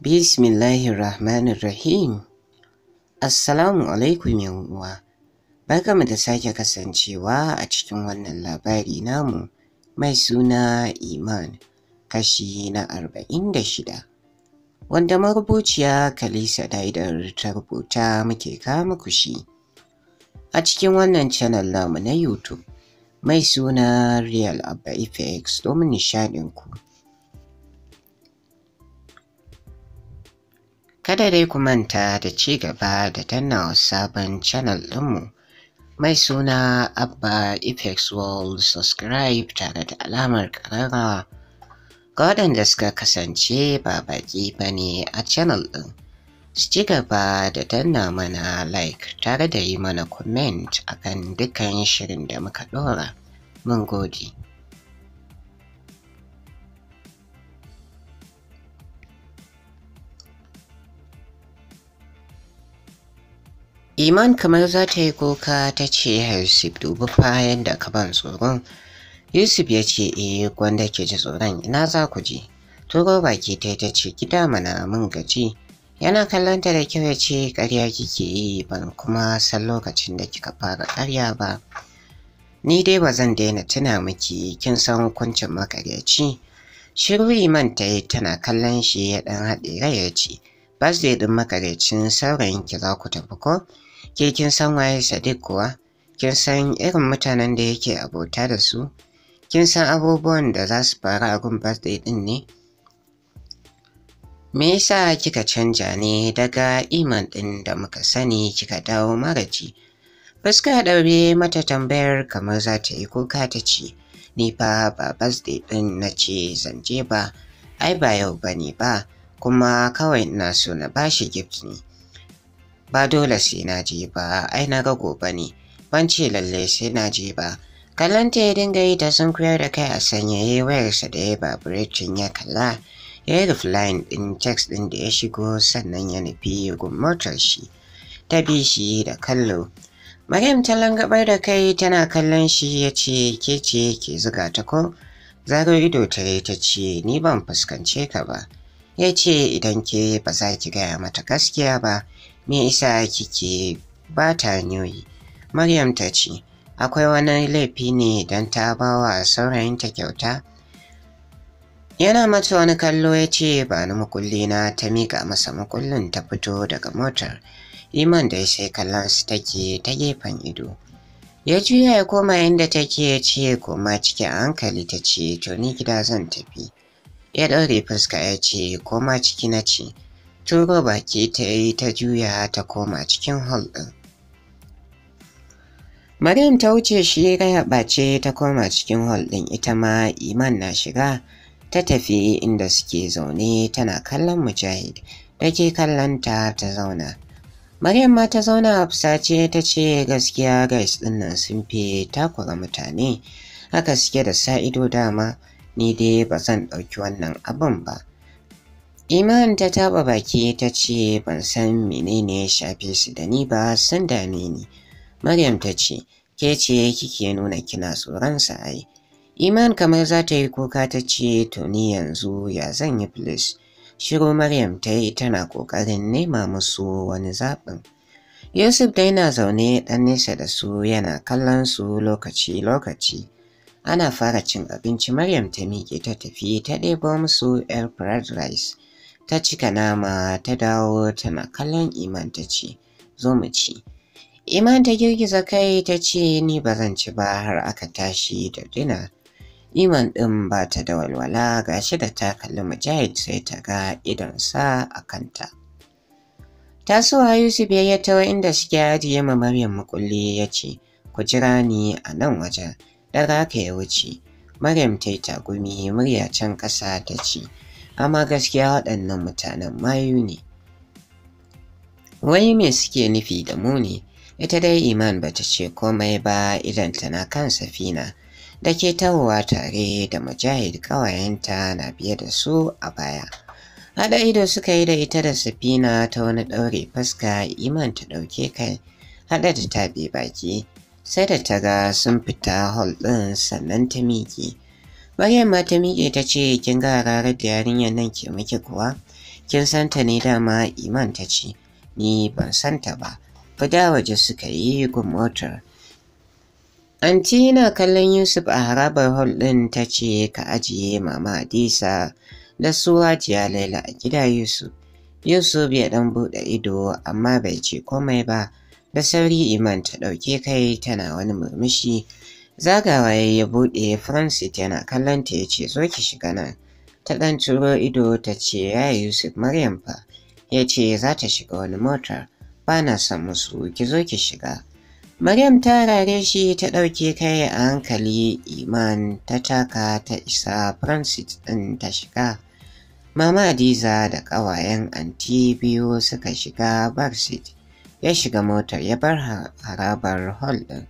Bismillahir Assalamu alaikum uwa. mu da sake kasancewa a cikin wannan labari namu mai suna Iman kashi na arba'in da shida. wanda marubuciya Kalisa Daidar ta rubuta muke kama kushi. A cikin wannan channel namu na YouTube mai suna Real Abba FX domin nishadinku. ku. Kada dai ku manta da ci gaba da tannawa sabon channel ɗinmu mai suna Abba ifex World subscribe tare da alamar ƙararrawa. Ga waɗanda suka kasance ba baki ba ne a channel ɗin, su ci gaba da danna mana like tare da yi mana comment akan dukkan shirin da muka ɗora. Mun gode. Iman kamar za ta yi kuka ta ce Yusuf dubu fayan da ka ban tsoron. Yusuf ya ce eh gwanda ke ji tsoron ina za ku je. Turo baki ta ta ce gida mana mun gaji. Yana kallon ta da kyau ya ce ƙarya kike yi ban kuma san lokacin da kika fara ƙarya ba. Ni dai ba zan daina tuna miki kin san hukuncin makaryaci. Shiru Iman ta yi tana kallon shi ya ɗan haɗe rai ya ce. da ɗin makaryacin saurayin ki za ku tafi ko? Ke kin san waye Sadiq kuwa? Kin san irin mutanen da yake abota da su? Kin san abubuwan da za su faru a gun birthday din ne? Me yasa kika canja ne daga iman din da muka sani kika dawo maraji? Fuska ɗaure mata tambayar kamar za ta yi kuka ta ce, Ni fa ba birthday din na ce zan je ba, ai ba yau ba ba, kuma kawai ina so na bashi gift ne. ba dole sai na je ba ai na ga gobe ne ban ce lalle sai na je ba kallon ta ya dinga yi ta sun koyar da kai a sanyaye wayarsa da ya ba baburecin ya kalla ya yi rufline ɗin text ɗin da ya shigo sannan ya nufi gun motar shi ta bi shi da kallo Maryam ta langabar da kai tana kallon shi ya ce ke ce ke zuga ta ko zaro ido ta yi ta ce ni ban fuskance ka ba ya ce idan ke ba za ki gaya mata gaskiya ba me yasa kike bata ta niyoyi? Maryam ta ce, akwai wani laifi ne don ta ba wa saurayinta kyauta? Yana mata wani kallo ya ce ba ni makulli na ta miƙa masa makullin ta fito daga motar. Iman da sai kallon su take ta gefen ido. Ya juya ya koma inda take ya ce koma cikin hankali ta ce to ni gida zan tafi. Ya ɗaure fuska ya ce koma ciki na ce. turo baki ta yi ta juya ta koma cikin hall ɗin. Maryam ta wuce shi raya ɓace ta koma cikin hall ɗin ita ma Iman na shiga ta tafi inda suke zaune tana kallon Mujahid da ke kallon ta zauna. Maryam ma ta zauna a fusace ta ce gaskiya guys ɗin nan sun fi takura mutane haka suke da sa dama ni dai ba zan ɗauki wannan abin ba. Iman ta taba baki ta ce ban san menene ya shafe su da ni ba sun dame ni. Maryam ta ce ke ce kike nuna kina tsoron sa ai. Iman kamar za ta yi kuka ta ce to ni yanzu ya zan yi filis. Shiru Maryam ta yi tana kokarin nema musu wani zaɓin. Yusuf da yana zaune ɗan nesa da su yana kallon su lokaci-lokaci. Ana fara cin abinci Maryam ta miƙe ta tafi ta ɗebo musu ‘yar fried rice. ta cika nama ta dawo tana kallon iman ta ce zo mu ci iman ta girgiza kai ta ce ni ba zan ci ba har aka tashi da dina iman ɗin ba ta da walwala ga shi da ta kalli mujahid sai ta ga idonsa a kanta tasowa Yusuf ya tawo inda suke ya ma Maryam makulli ya ce, Ku jira ni a nan wajen, daga haka ya wuce. Maryam ta yi tagumi murya can ƙasa ta ce, amma gaskiya waɗannan mutanen mayu ne wai me suke nufi da muni? ita dai iman ba ta ce komai ba idan tana kan safina da ke tawowa tare da mujahid ƙawayenta na biye da su a baya haɗa ido suka yi da ita da safina ta wani ɗaure fuska iman ta ɗauke kai haɗa da taɓe baki sai da ta ga sun fita hall ɗin sannan ta miƙe Maryam ma ta miƙe ta ce kin ga rarar da yarinyar nan ke miki kuwa? Kin san ta ne dama Iman ta ce ni ban santa ta ba. Fida waje suka yi gun motar. Anti na kallon Yusuf a harabar hall ɗin ta ce ka ajiye mama Adisa da su hajiya Laila a gida Yusuf. Yusuf ya dan buɗe ido amma bai ce komai ba da sauri Iman ta ɗauke kai tana wani murmushi. Zagawa ya yi buɗe Francis yana kallonta ta ya ce zo ki shiga nan. Ta ɗan turo ido ta ce ya Yusuf Maryam fa. Ya ce za ta shiga wani motar. Ba na son musu ki zo ki shiga. Maryam ta rare shi ta ɗauke kai a hankali Iman ta taka ta isa Francis ɗin ta shiga. Mama Adiza da ƙawayen anti biyu suka shiga barsit, Ya shiga motar ya bar harabar hall ɗin.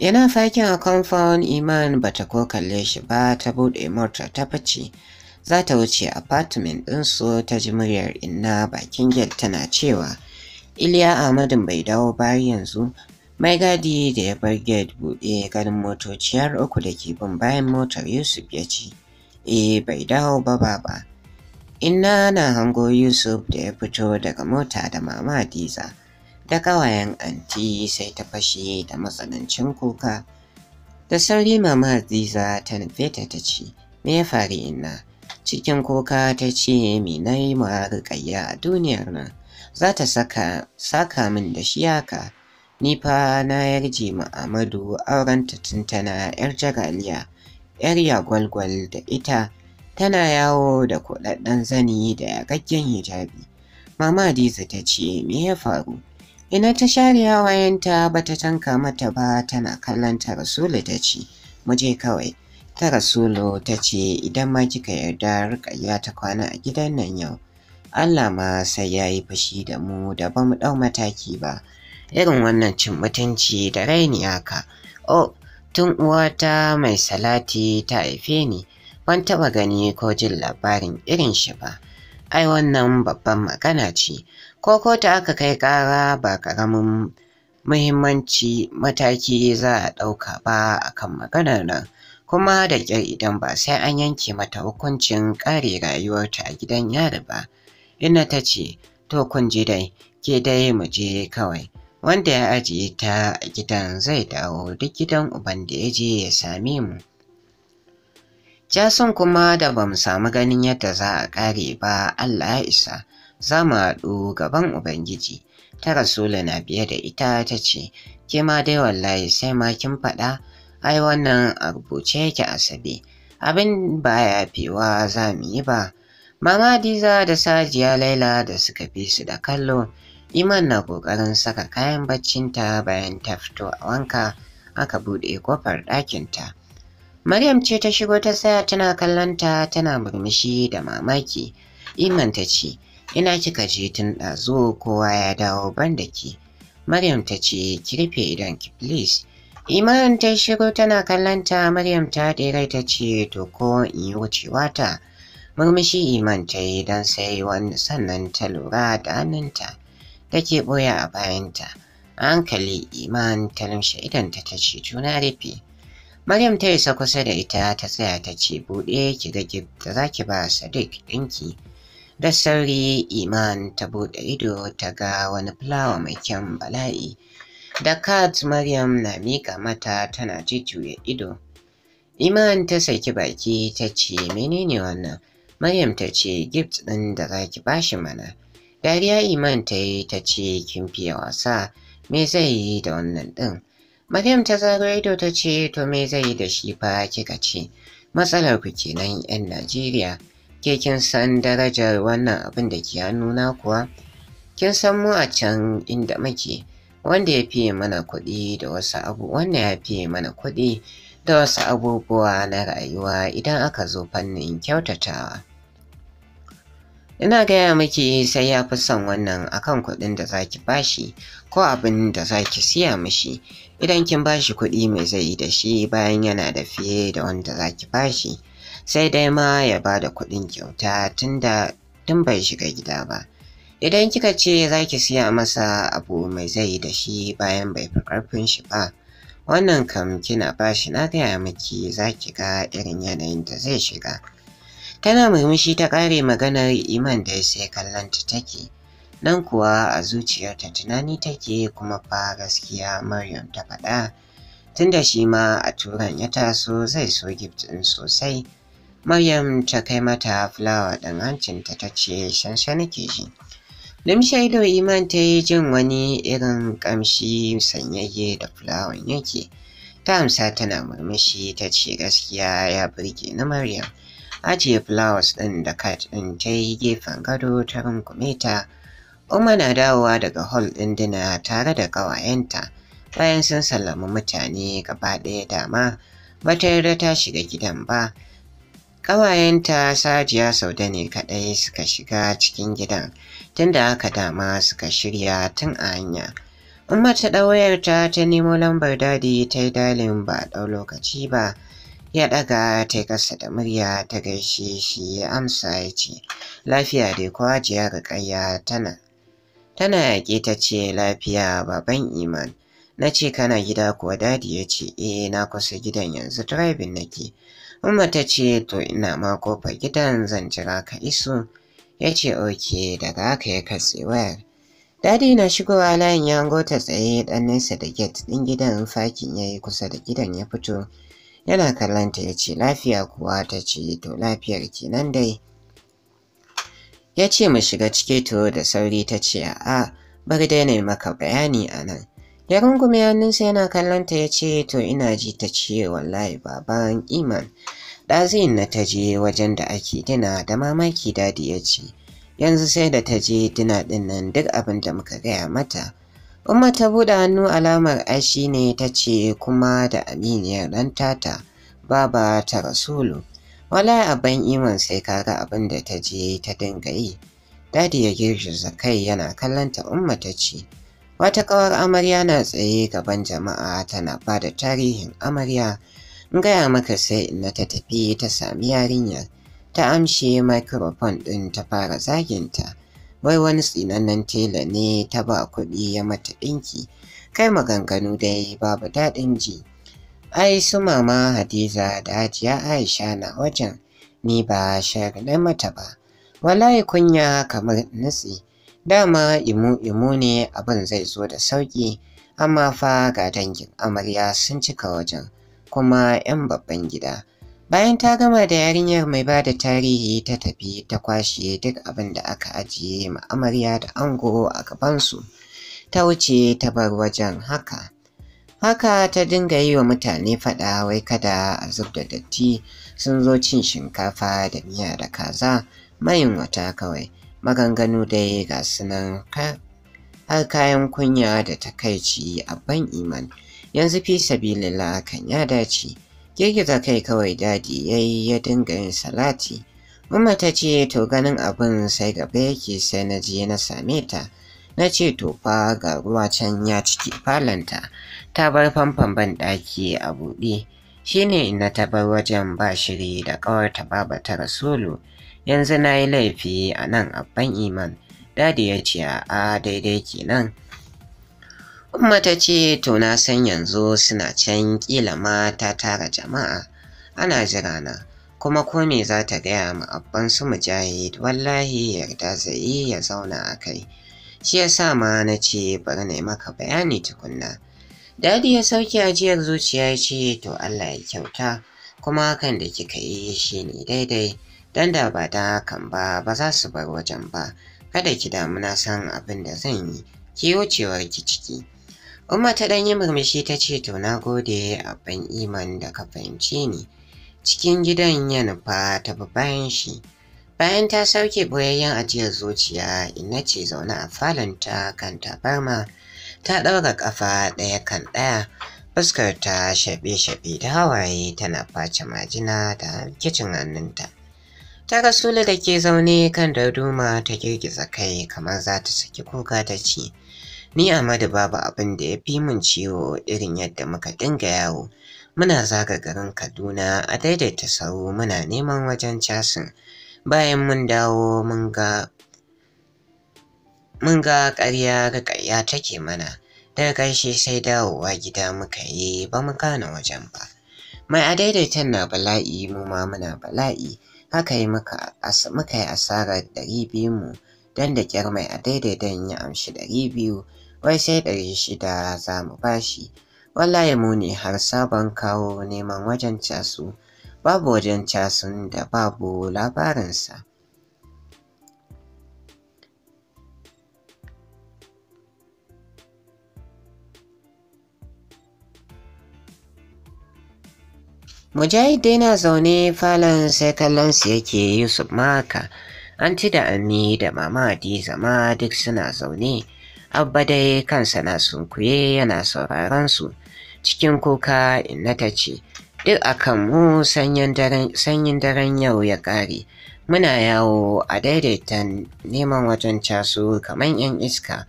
Yana fakin a kamfan Iman bata ko kalle shi ba ta buɗe mota ta fice. Za ta wuce apartment ɗinsu ta ji muryar inna bakin gel tana cewa Iliya Ahmadu bai dawo ba yanzu mai gadi da ya bar gate buɗe ganin motoci har uku da ke bin bayan motar Yusuf ya ce eh bai dawo ba baba. Inna na hango Yusuf da ya fito daga mota da mama diza da ƙawayen anti sai ta fashe da matsanancin kuka. Da sauri mama Aziza ta nufe ta ta ce, Me ya faru inna? Cikin kuka ta ce, Me na yi ma a duniyar nan? Za ta saka, saka min da shi haka. Ni fa na yarje ma Amadu aurenta tuntana 'yar jagaliya, 'yar yagwalgwal da ita. tana yawo da kuɗaɗɗen zani da yaƙaƙƙen hijabi. Mama Hadiza ta ce, Me ya faru? Ina ta share yawayenta ba ta tanka mata ba tana kallon ta Rasulu ta ce, mu je kawai. Ta Rasulu ta ce idan ma kika yarda rukayya ta kwana a gidan nan yau. Allah ma sai ya yi fushi da mu da ba mu ɗau mataki ba. Irin wannan cin mutunci da raini haka. Oh, tun uwata mai salati ta haife ni, ban taɓa gani ko jin labarin irin shi ba. Ai wannan babban magana ce. ko kotu aka kai ƙara ba ƙaramin muhimmanci mataki za a ɗauka ba akan maganar nan kuma da ƙyar idan ba sai an yanke mata hukuncin ƙare rayuwarta a gidan yari ba ina ta ce to kun ji dai ke dai mu je kawai wanda ya ajiye ta a gidan zai dawo duk gidan uban da ya je ya same mu jason kuma da bamu samu ganin yadda za a ƙare ba allah ya isa za mu haɗu gaban Ubangiji. Ta Rasula na biye da ita ta ce, Ke ma dai wallahi sai ma kin faɗa, ai wannan a rubuce yake asabe, abin ba ya fiwa za mu yi ba. Mama Diza da Sajiya Laila da suka fi su da kallo, Iman na ƙoƙarin saka kayan baccinta bayan ta fito a wanka aka buɗe ƙofar ɗakinta. Maryam ce ta shigo ta tsaya tana kallonta tana murmushi da mamaki. Iman ta ce, Ina kika je tun ɗazu kowa ya dawo banda ki. Maryam ta ce ki rufe idan ki please. Iman ta shigo tana kallanta Maryam ta rai ta ce to ko in yi wucewa ta. Murmushi Iman ta yi don sai wani sannan ta lura da hannunta da ke ɓoye a bayanta. A hankali Iman ta lumshe idan ta ce juna rufe. Maryam ta isa kusa da ita ta tsaya ta ce buɗe ki ga da za ki ba Sadiq ɗinki. Da sauri Iman ta buɗe ido ta ga wani fulawa mai kyan bala'i. Da kat Maryam na miƙa mata tana jujjuya ido. Iman ta saki baki ta ce menene wannan? Maryam ta ce gift ɗin da za ki bashi mana. Dariya Iman ta yi ta ce kin fiye wasa me zai yi da wannan ɗin? Maryam ta zaro ido ta ce to me zai yi da shi fa kika ce matsalar ku kenan 'yan Najeriya. ke kin san darajar wannan abin da ke hannuna kuwa? Kin san mu a can inda muke, wanda ya fiye mana kuɗi da wasu abu, wanda ya fiye mana kuɗi da wasu abubuwa na rayuwa idan aka zo fannin kyautatawa. Ina gaya miki sai ya fi son wannan akan kuɗin da zaki bashi ko abin da zaki siya mishi. Idan kin bashi kuɗi mai zai yi da shi bayan yana da fiye da wanda zaki bashi. sai dai ma ya ba da kuɗin kyauta tunda tun bai shiga gida ba. Idan kika ce za ki siya masa abu mai zai da shi bayan bai fi ƙarfin shi ba, wannan kam kina ba na gaya miki za ki ga irin yanayin da zai shiga. Tana murmushi ta ƙare maganar iman da ya sai kallonta take. Nan kuwa a zuciyarta tunani take kuma fa gaskiya Maryam ta faɗa. tunda shi ma a turan ya taso zai so gift ɗin sosai Maryam ta kai mata fulawa ɗin hancinta ta ce shansha ke ji. Limshe ido Iman ta yi jin wani irin ƙamshi sanyayye da fulawan yake. Ta amsa tana murmushi ta ce gaskiya ya burge na Maryam. Ajiye fulawas ɗin da kat ɗin ta yi gefen gado ta rungume ta. Umma na dawowa daga hol ɗin dina tare da ƙawayenta bayan sun sallami mutane gaba ɗaya dama ba ta yarda ta shiga gidan ba Ƙawayenta Sajiya Saude ne kaɗai suka shiga cikin gidan, tunda aka dama suka shirya tun a hanya. Umar ta ɗauyarta ta nemo lambar dadi ta yi dalin ba ɗau lokaci ba, ya ɗaga ta yi kasa da murya ta gaishe shi ya amsa ya ce, Lafiya dai kuwa jiya ƙayya tana. Tana yaƙi ta ce lafiya baban Iman. Na ce kana gida kuwa dadi ya ce, Eh na kusa gidan yanzu driving nake. Umma ta ce to ina ma kofar gidan zan jira ka iso. Ya ce oke daga haka ya katse wayar. Dadi na shigowa layin ya hango ta tsaye ɗan nesa da get ɗin gidan fakin ya yi kusa da gidan ya fito. Yana kallon ta ya ce lafiya kuwa ta ce to lafiyar kenan dai. Ya ce mu shiga ciki to da sauri ta ce a'a bari dai na maka bayani a nan. ya rungume hannunsa yana kallon ta ya to ina ji ta ce wallahi baban iman ɗazin na ta je wajen da ake dina da mamaki dadi ya ce yanzu sai da ta je dina ɗin nan duk abin da muka gaya mata umma ta buɗe hannu alamar ashi ne ta ce kuma da aminiyar ɗan tata baba ta rasulu wala aban iman sai ka ga abin da ta je ta dinga yi dadi ya girgiza kai yana kallon ta umma ta ce Wata ƙawar amarya na tsaye gaban jama'a tana ba da tarihin amarya. Gaya maka sai na ta tafi ta sami yarinyar. Ta amshe microphone ɗin ta fara zaginta. Wai wani tsinannen tela ne ta ba kuɗi ya mata ɗinki. Kai maganganu dai babu daɗin ji. Ai su mama Hadiza da Hajiya Aisha na wajen. Ni ba shagale mata ba. Wallahi kunya kamar nutsi. dama imu-imu ne abin zai zo da sauƙi amma fa ga dangin amarya sun cika wajen kuma 'yan babban gida bayan ta gama da yarinyar mai ba da tarihi ta tafi ta kwashe duk abin da aka ajiye ma amarya da ango a gabansu ta wuce ta bar wajen haka haka ta dinga yi wa mutane faɗa wai kada a zub da datti sun zo cin shinkafa da miya da kaza mayin wata kawai maganganu dai ga sunan har kayan kunya da takaici a ban iman yanzu fi sabilillah kan ya dace girgiza kai kawai dadi yi ya dinga yin salati Umma ta ce to ganin abin sai gaba yake sai na je na same ta na ce to fa ga ruwa can ya cike falanta ta bar famfan ban daki a buɗe shine na ta bar wajen ba shiri da ƙawarta baba ta rasulu yanzu na yi laifi a nan abban iman dadi ya ce a daidai kenan umma ta ce to na san yanzu suna can kila ma ta tara jama'a ana jira na kuma ko me za ta gaya ma abban su mujahid wallahi yarda zai ya zauna a kai shi ya sa ma na ce bari na maka bayani tukunna dadi ya sauke ajiyar zuciya ya ce to allah ya kyauta kuma hakan da kika yi shi ne daidai don da ba ta hakan ba ba za su bar wajen ba kada ki damu na san abin da zan yi ki wucewar ki ciki umma ta dan yi murmushi ta ce to na gode abin iman da ka fahimce ni cikin gidan ya nufa ta bayan shi bayan ta sauke boyayyen ajiyar zuciya ina ce zaune a falon ta kan tabarma ta ɗaura ƙafa ɗaya kan ɗaya fuskar ta shaɓe-shaɓe da hawaye tana face majina da kicin hannunta. ta rasulu da ke zaune kan duma ta girgiza kai kamar za ta saki kuka ta ci. ni amadu babu abin da ya fi mun ciwo irin yadda muka dinga yawo muna zaga garin kaduna a daidaita sauro muna neman wajen casin bayan mun dawo mun ga karya ga ƙarya ga ƙarya take mana daga ƙarshe sai dawowa gida muka yi ba mu gane wajen ba mai a daidaitan na bala'i mu ma muna bala'i haka yi muka yi asarar ɗari biyun mu don da ƙyar mai a daidai don yi amshi ɗari biyu wai sai ɗari shida za mu shi wallahi mu ne har sabon kawo neman wajen casu babu wajen casun da babu labarinsa Mujahid dai na zaune falon sai kallonsu yake Yusuf maka. ci da Ami da Mama Hadiza ma duk suna zaune. Abba dai kansa na sunkuye yana sauraron su. Cikin kuka inna ta ce, Duk akan mu sanyin daren yau ya ƙare. Muna yawo a daidaita neman wajen casu kamar 'yan iska.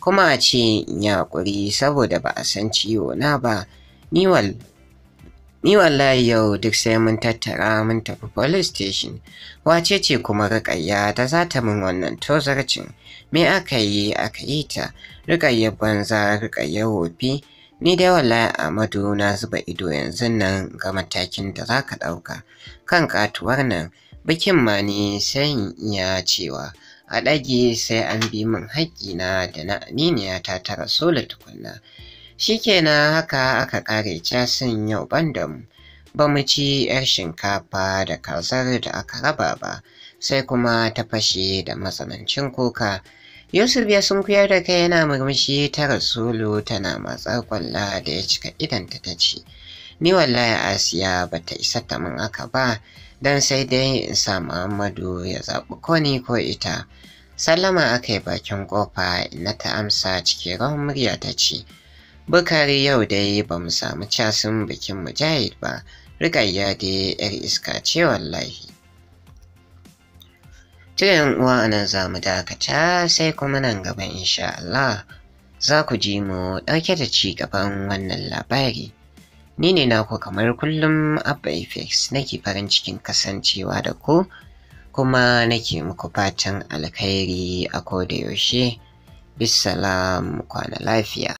Kuma a ce ya saboda ba a san ciwo na ba. Niwal Ni wallahi yau duk sai mun tattara mun tafi police station. Wace ce kuma Rukayya ta zata min wannan tozarcin? Me aka yi aka yi ta? Rukayya banza Rukayya wofi. Ni dai wallahi Ahmadu, na zuba ido yanzu nan ga matakin da za ka ɗauka. Kan katuwar nan bikin ma ni sai iya cewa a ɗage sai an bi min haƙƙina da na aminiya ta tara sola tukunna. Shikenan haka aka kare casin yau ban Ba mu ci 'yar shinkafa da kazar da aka raba ba, sai kuma ta fashe da matsanancin kuka. Yusuf ya sunkuyar da kai yana murmushi ta rasulu tana matsar kwalla da ya cika idanta ta ce, Ni wallahi Asiya ba ta isa ta min aka ba, don sai dai in sa Muhammadu ya zaɓi ko ko ita. Sallama aka yi bakin ƙofa, na ta amsa cikin rawan murya ta ce, Bukari yau dai ba mu samu casin bikin Mujahid ba, rigayya dai ‘yar iska ce wallahi. Tirin uwa nan za mu dakata sai kuma nan gaban insha Allah za ku ji mu ɗauke da ci gaban wannan labari. Ni ne na ku kamar kullum Abba nake farin cikin kasancewa da ku kuma nake muku fatan alkhairi a koda yaushe. Bisalam kwana lafiya.